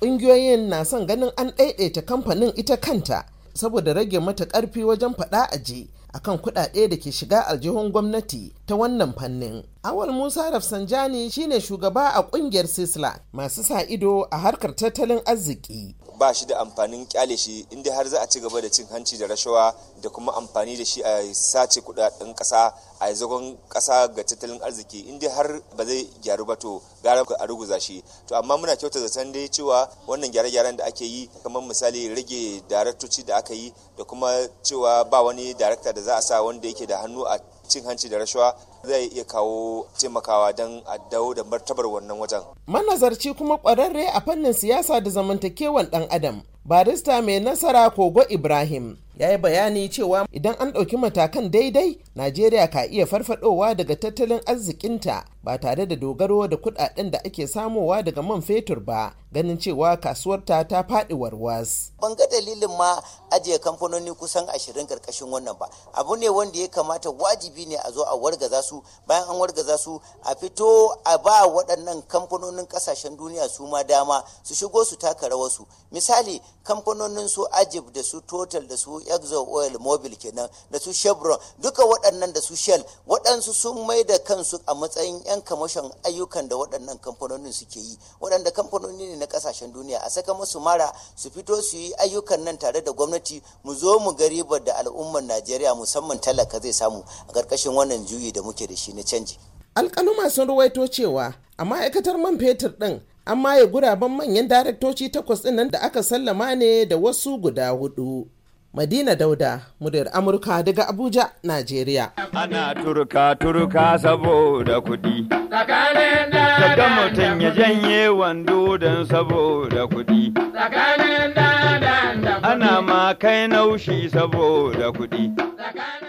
ƙungiyoyin na son ganin an ɗaiɗaita kamfanin ita kanta saboda rage mata ƙarfi wajen faɗa a je akan kuɗaɗe da ke shiga aljihun gwamnati ta wannan fannin. Awal Musa Rafsanjani shine shugaba a ƙungiyar Sisla masu sa ido a harkar tattalin arziki. Ba shi da amfanin kyale shi inda har za a ci gaba da cin hanci da rashawa da kuma amfani da shi a sace kuɗaɗen ƙasa a zagon ƙasa ga tattalin arziki inda har ba zai gyaru ba to gara a ruguza shi. To amma muna kyauta zaton dai cewa wannan gyare-gyaren da ake yi kamar misali rage daraktoci da aka yi da kuma cewa ba wani darakta da da za a sa wanda yake da hannu a cin hanci da rashawa zai iya kawo taimakawa don a dawo da martabar wannan wajen. Manazarci kuma ƙwararre a fannin siyasa da zamantakewan ɗan adam, barista mai nasara Kogo Ibrahim ya yi bayani cewa idan an ɗauki matakan daidai najeriya ka iya farfadowa daga tattalin arzikinta ba tare da dogaro da kudaden da ake samowa daga man fetur ba ganin cewa kasuwarta ta faɗi warwas ban ga dalilin ma ajiye kamfanoni kusan ashirin karkashin wannan ba abu ne wanda ya kamata wajibi ne a zo a wargaza su bayan an wargaza su a fito a ba waɗannan kamfanonin ƙasashen duniya su ma dama su shigo su taka rawarsu misali kamfanonin su ajib da su total da su exxon oil mobil kenan da su chevron duka waɗannan da su shell waɗansu sun mai da kansu a matsayin 'yan kamashin ayyukan da waɗannan kamfanonin suke yi waɗanda kamfanoni ne na ƙasashen duniya a saka musu mara su fito su yi ayyukan nan tare da gwamnati mu zo mu ga ribar da al'ummar najeriya musamman talaka zai samu a ƙarƙashin wannan juyi da muke da shi na canji alƙaluma sun ruwaito cewa a ma'aikatar man fetur ɗin an maye guraben manyan daraktoci takwas ɗin nan da aka sallama ne da wasu guda hudu Madina Dauda, muryar Amurka daga Abuja, Najeriya. Ana turka turka saboda kuɗi. Daga mutum ya janye wando don saboda kuɗi. Ana ma kai naushi saboda kuɗi.